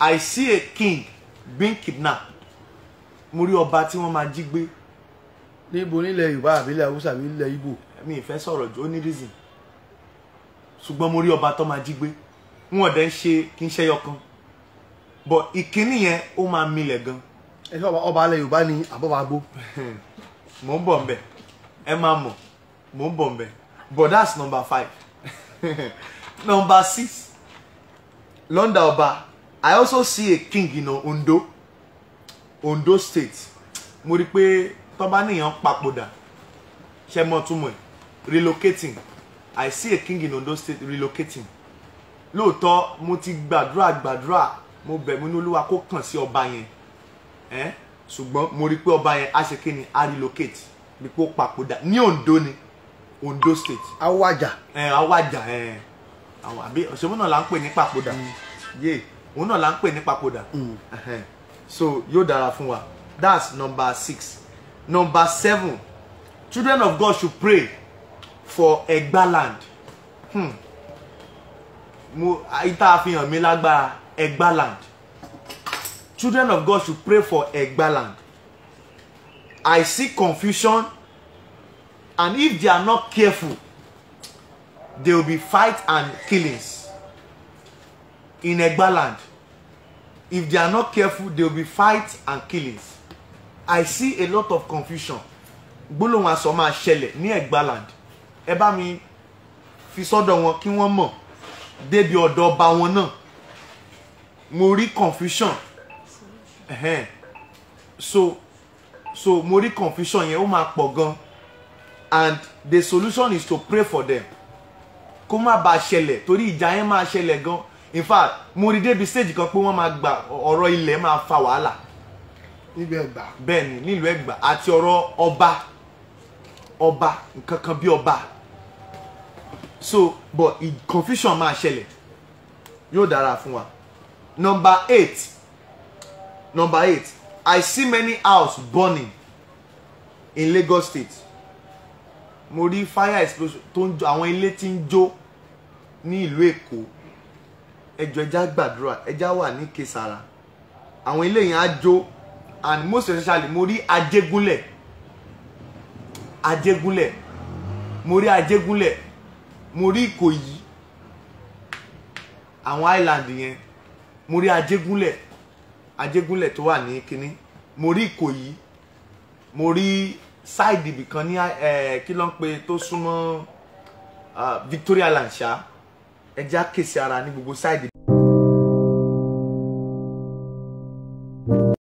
I see a king being kidnapped mo rí ọba tí wọ́n máa jí gbé. níbo nílẹ̀ yorùbá àbílẹ̀ haúsá àbí nílẹ̀ ibo. mi ì fẹ́ sọ̀rọ̀ jù ó ní reason ṣùgbọ́n mo rí ọba tó máa jí gbé n ò dẹ̀ ṣe kí n ṣẹ́yọ kan but ìkíní yẹn ó máa milẹ̀ gan. ẹ sọ ọba alẹ yorùbá ni àbọ̀bà gbó. mò ń bọ̀ ń bẹ̀ ẹ máa mọ̀ mò ń bọ̀ ń bẹ̀ but that's number five number six lọ́ndà ọba I also see a king in Ondo Ondo state mo rí i pé tọ́ba nìyẹn papòdà ṣe mọ́ túmọ̀ ẹ̀ relocating I see a king in Ondo state relocating lóòótọ́ mo ti gbàdúrà gbàdúrà mo bẹ̀ mí ní olúwa kó kàn sí ọba yẹn ẹ́ ṣùgbọ́n mo rí i ọba yẹn á ni á relocate bí pé ó papòdà ní Ondo ni Ondo state. awaja. ẹ awaja ẹ àwọn àbí ọ̀ṣọ́mọ́nà là ń pè ní papòdà Yeah òun náà là ń pè ní papòdà mm. so yóò dára fún wa that's number six number seven children of God should pray for Egba land hmm. mo ìta àfihàn mi lágbára Egba land children of God should pray for Egba land I see confusion and if they are not careful there will be fight and killings in Egbaland. If they are not careful, there will be fights and killings. I see a lot of confusion. Gbólóhùn asọ̀ máa ṣẹlẹ̀ ní Egbaland. Ẹ bá mi fi sọ́dọ̀ wọn kí wọ́n mọ̀ débi ọ̀dọ̀ ọba wọn náà. Mo rí confusion. Uh-huh. So so mo rí confusion yẹn ó máa pọ̀ gan. And the solution is to pray for them. Kó má bàa ṣẹlẹ̀ torí ìjà yẹn máa ṣẹlẹ̀ gan in fact mo rí débi stage kan pé wọ́n máa gba ọ̀rọ̀ ilẹ̀ máa fa wàhálà. nílùú ẹgbà. bẹ́ẹ̀ ni nílùú ẹgbà àti ọ̀rọ̀ ọba ọba nǹkan kan bí ọba so but confusion máa ṣẹlẹ̀ yóò dára fún wa number eight number eight I see many house burning in Lagos State mo rí fire explosion tó ń jó àwọn ilé tí ń jó ní ìlú Èkó ẹjọ ẹjá gbàdúrà ẹjá wà ní kesara àwọn eléyìí á jó and most especially mo rí Ajégúnlẹ̀ Ajégúnlẹ̀ mo rí Ajégúnlẹ̀ mo rí Ìkòyí àwọn island yẹn mo rí Ajégúnlẹ̀ Ajégúnlẹ̀ tó wà ní kínní mo rí Ìkòyí mo rí side ibìkan ní eh, kí ló ń pe tó súnmọ́ ah, Victoria land ṣáá ẹ já kèsì ara ní gbogbo sáìdì.